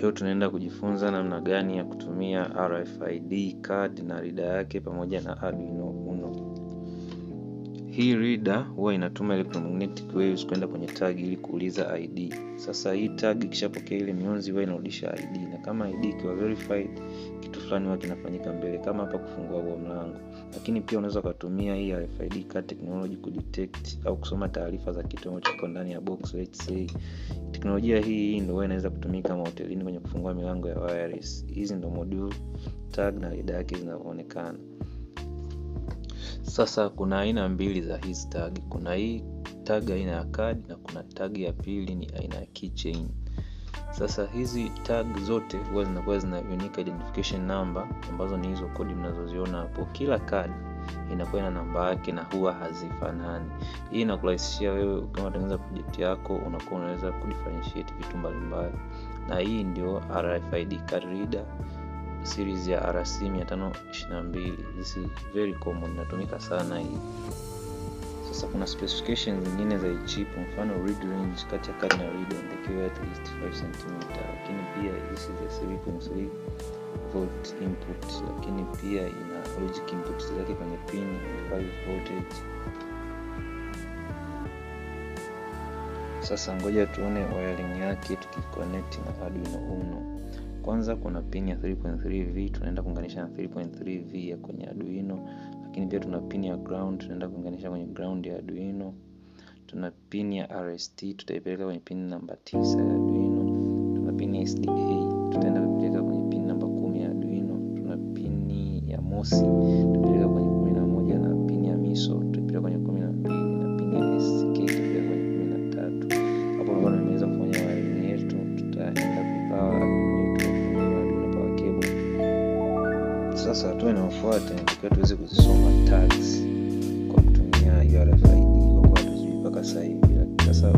Leo tunaenda kujifunza namna gani ya kutumia RFID card na reader yake pamoja na Arduino Uno. Hii reader huwa inatuma electromagnetic waves kwenda kwenye tag ili kuuliza ID. Sasa hii tag ikishapokea ile mionzi huwa inarudisha ID, na kama ID ikiwa verified, kitu fulani huwa kinafanyika mbele, kama hapa kufungua huo mlango. Lakini pia unaweza ukatumia hii RFID card technology kudetect au kusoma taarifa za kitu ambacho kiko ndani ya box, let's say. Teknolojia hii hii ndio huwa inaweza kutumika mahotelini kwenye kufungua milango ya wireless. Hizi ndio module, tag na reader yake zinavyoonekana. Sasa kuna aina mbili za hizi tag. Kuna hii tag aina ya card na kuna tag ya pili ni aina ya keychain. Sasa hizi tag zote huwa zinakuwa zina unique identification number ambazo ni hizo kodi mnazoziona hapo. Kila card inakuwa ina namba yake na huwa hazifanani. Hii inakurahisishia wewe kama unatengeneza project yako, unakuwa unaweza kudifferentiate vitu mbalimbali, na hii ndio RFID card reader series ya rc 522 this is very common inatumika sana hii sasa kuna specifications zingine za chip mfano read range kati ya cardinal read on the QA at least 5 cm lakini pia this is a 3.3 volt input lakini pia ina logic input zake kwenye pin 5 voltage sasa ngoja tuone wiring yake tukiconnect na Arduino Uno kwanza kuna pin ya 3.3V tunaenda kuunganisha na 3.3V ya kwenye Arduino, lakini pia tuna pin ya ground tunaenda kuunganisha kwenye ground ya Arduino. Tuna pin ya RST tutaipeleka kwenye pin namba 9 ya Arduino. Tuna pin ya SDA tutaenda kupeleka kwenye pin namba 10 ya Arduino. Tuna pin ya MOSI Sasa hatua inayofuata natakiwa tuweze kuzisoma tax kwa kutumia URFID kwa kuwa tuzui mpaka sahivi hivi. Sasa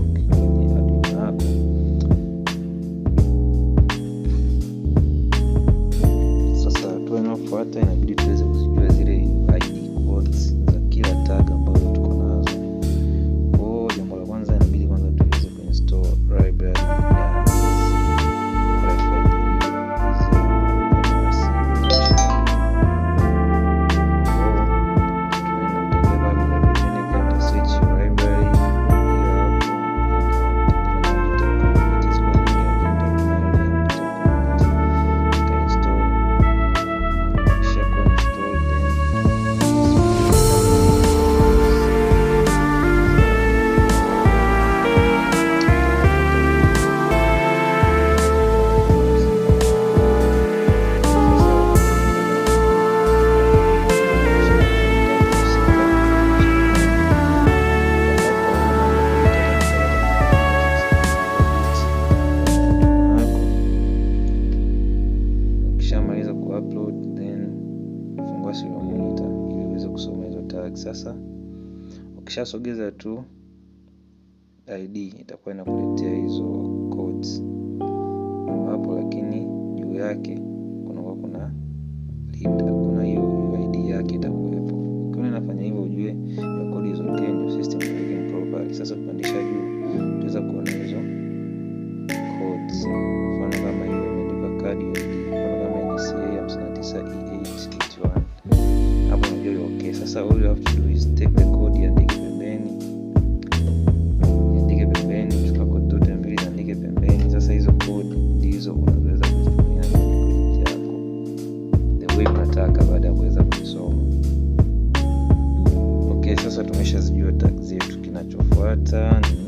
ukishasogeza tu id itakuwa inakuletea hizo codes hapo, lakini juu yake nilizozitaka baada ya kuweza kuisoma. Okay, sasa tumeshazijua tak zetu, kinachofuata ni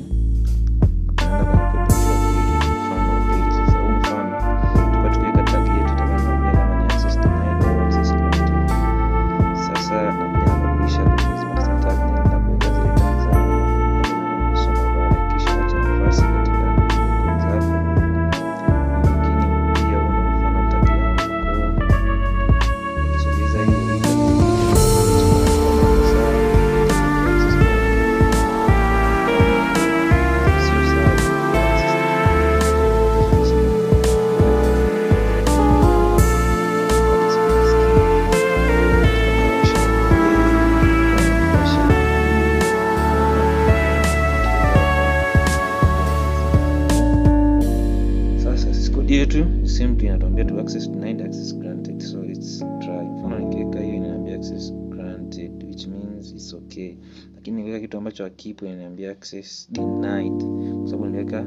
two same inatuambia to access denied access granted so it's try mfano nikiweka hiyo inaniambia access granted which means it's okay lakini nikiweka kitu ambacho hakipo inaniambia access denied kwa sababu niliweka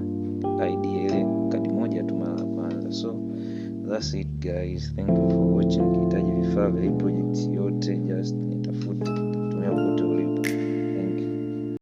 id ile kadi moja tu mara kwanza so that's it guys thank you for watching ukihitaji vifaa vya project yote just